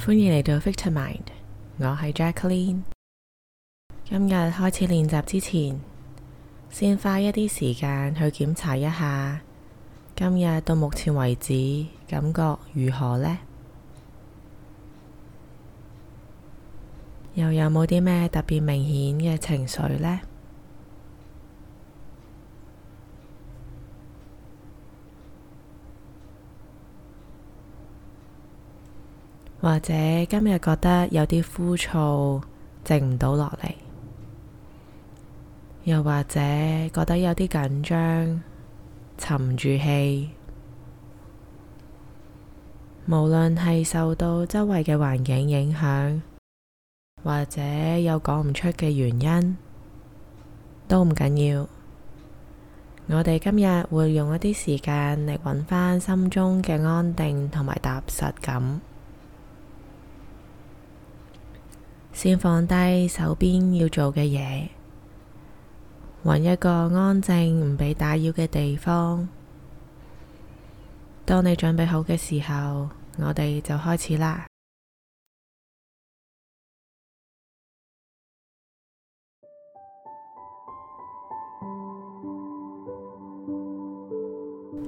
歡迎嚟到 Vitamind，我係 Jacqueline。今日開始練習之前，先花一啲時間去檢查一下，今日到目前為止感覺如何呢？又有冇啲咩特別明顯嘅情緒呢？或者今日覺得有啲枯燥，靜唔到落嚟；又或者覺得有啲緊張，沉唔住氣。無論係受到周圍嘅環境影響，或者有講唔出嘅原因，都唔緊要。我哋今日會用一啲時間嚟揾返心中嘅安定同埋踏實感。先放低手邊要做嘅嘢，搵一個安靜唔俾打擾嘅地方。當你準備好嘅時候，我哋就開始啦。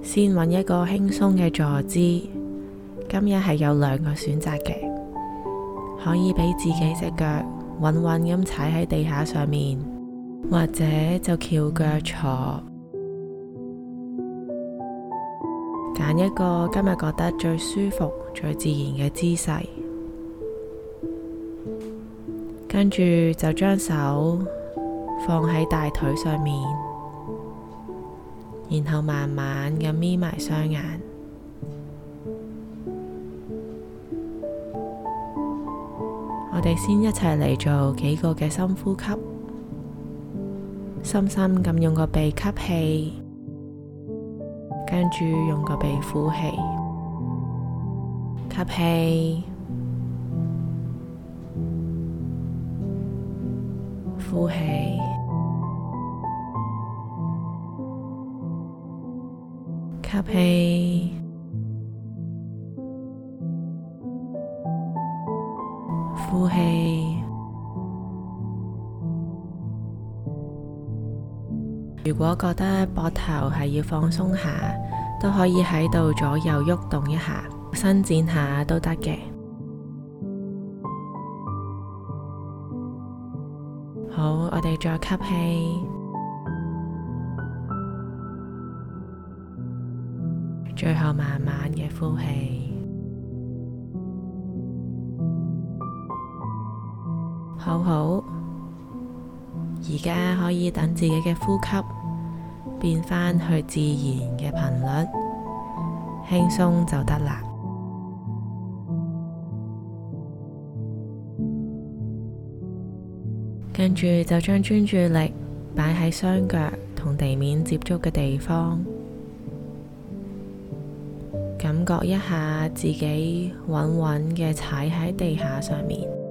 先搵一個輕鬆嘅坐姿，今日係有兩個選擇嘅。可以俾自己隻腳穩穩咁踩喺地下上面，或者就翹腳坐，揀一個今日覺得最舒服、最自然嘅姿勢，跟住就將手放喺大腿上面，然後慢慢咁眯埋雙眼。我哋先一齊嚟做幾個嘅深呼吸，深深咁用個鼻吸氣，跟住用個鼻呼氣，吸氣，呼氣，吸氣。如果覺得膊頭係要放鬆下，都可以喺度左右喐動一下，伸展下都得嘅。好，我哋再吸氣，最後慢慢嘅呼氣，好好。而家可以等自己嘅呼吸變返去自然嘅頻率，輕鬆就得啦。跟住就將專注力擺喺雙腳同地面接觸嘅地方，感覺一下自己穩穩嘅踩喺地下上面。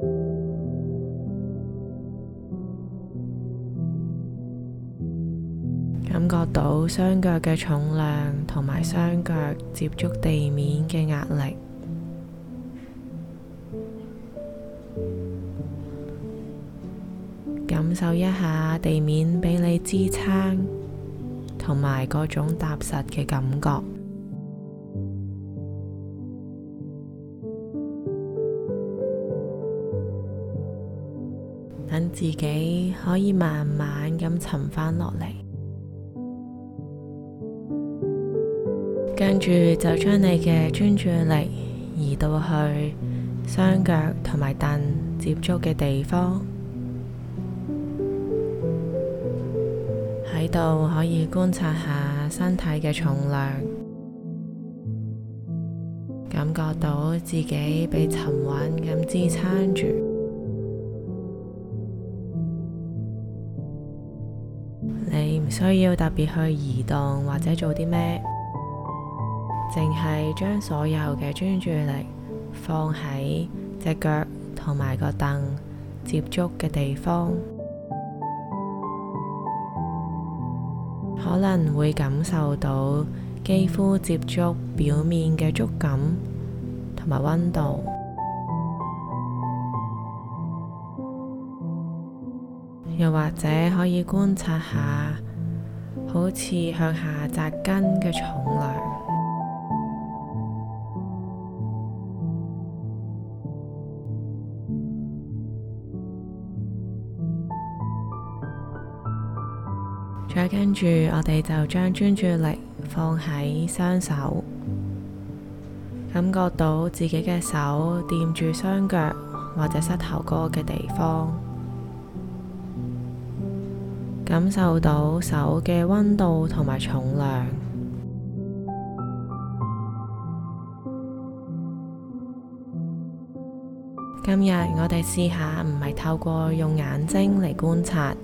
到雙腳嘅重量同埋雙腳接觸地面嘅壓力，感受一下地面俾你支撐同埋嗰種踏實嘅感覺，等自己可以慢慢咁沉返落嚟。跟住就將你嘅專注力移到去雙腳同埋凳接觸嘅地方，喺度可以觀察下身體嘅重量，感覺到自己被沉穩咁支撐住。你唔需要特別去移動或者做啲咩。淨係將所有嘅專注力放喺隻腳同埋個凳接觸嘅地方， 可能會感受到肌膚接觸表面嘅觸感同埋溫度， 又或者可以觀察下，好似向下紮根嘅重量。再跟住，我哋就將專注力放喺雙手，感覺到自己嘅手掂住雙腳或者膝頭哥嘅地方，感受到手嘅溫度同埋重量。今日我哋試下，唔係透過用眼睛嚟觀察。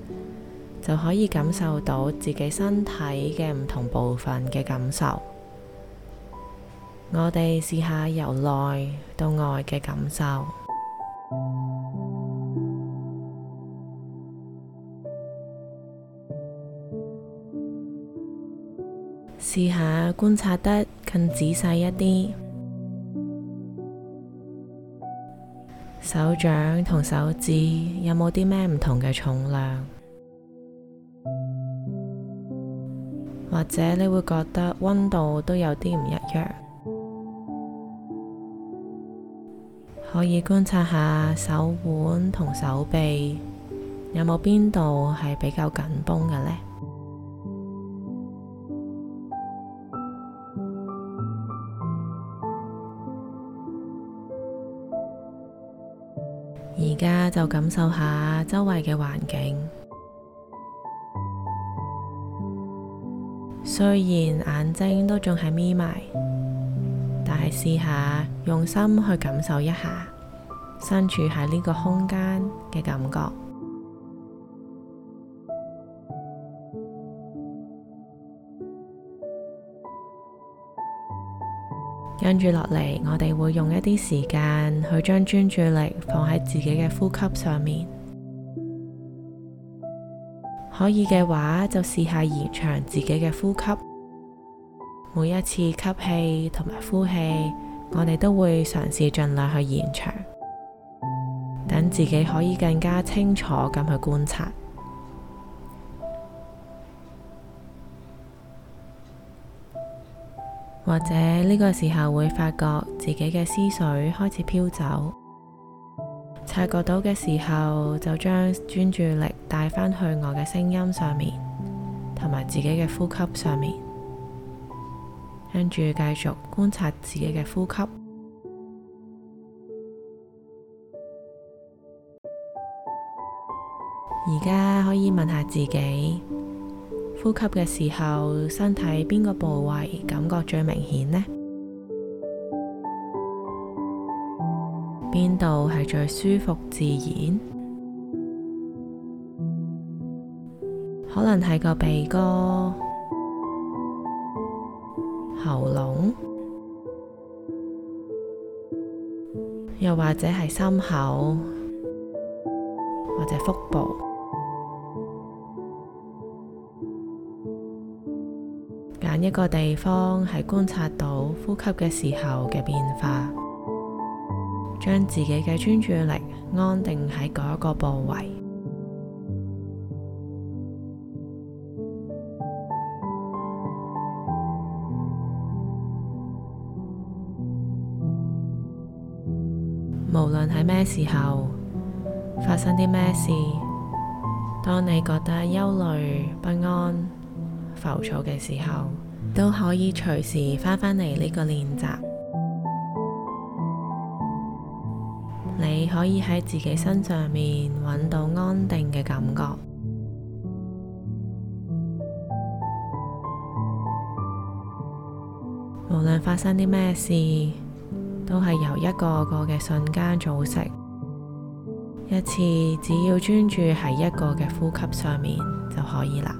就可以感受到自己身體嘅唔同部分嘅感受。我哋試下由內到外嘅感受，試下觀察得更仔細一啲。手掌同手指有冇啲咩唔同嘅重量？或者你會覺得溫度都有啲唔一樣，可以觀察下手腕同手臂有冇邊度係比較緊繃嘅呢？而家就感受下周圍嘅環境。雖然眼睛都仲係眯埋，但係試下用心去感受一下身處喺呢個空間嘅感覺。跟住落嚟，我哋會用一啲時間去將專注力放喺自己嘅呼吸上面。可以嘅話，就試下延長自己嘅呼吸。每一次吸氣同埋呼氣，我哋都會嘗試盡量去延長，等自己可以更加清楚咁去觀察。或者呢個時候會發覺自己嘅思緒開始飄走。察覺到嘅時候，就將專注力帶返去我嘅聲音上面，同埋自己嘅呼吸上面，跟住繼續觀察自己嘅呼吸。而家可以問下自己，呼吸嘅時候，身體邊個部位感覺最明顯呢？邊度係最舒服自然？可能係個鼻哥、喉嚨，又或者係心口，或者腹部，揀一個地方係觀察到呼吸嘅時候嘅變化。將自己嘅專注力安定喺嗰一個部位，無論喺咩時候發生啲咩事，當你覺得憂慮不安、浮躁嘅時候，都可以隨時翻返嚟呢個練習。你可以喺自己身上面揾到安定嘅感覺，無論發生啲咩事，都係由一個個嘅瞬間組成。一次只要專注喺一個嘅呼吸上面就可以啦。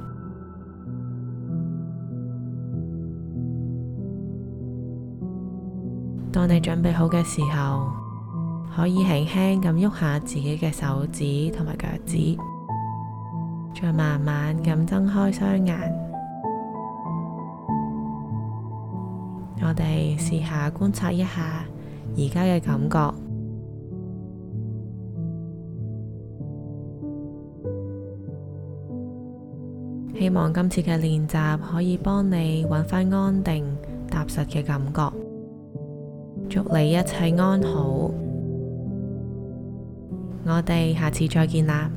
當你準備好嘅時候。可以輕輕咁喐下自己嘅手指同埋腳趾，再慢慢咁睜開雙眼。我哋試下觀察一下而家嘅感覺。希望今次嘅練習可以幫你搵返安定踏實嘅感覺。祝你一切安好。我哋下次再見啦。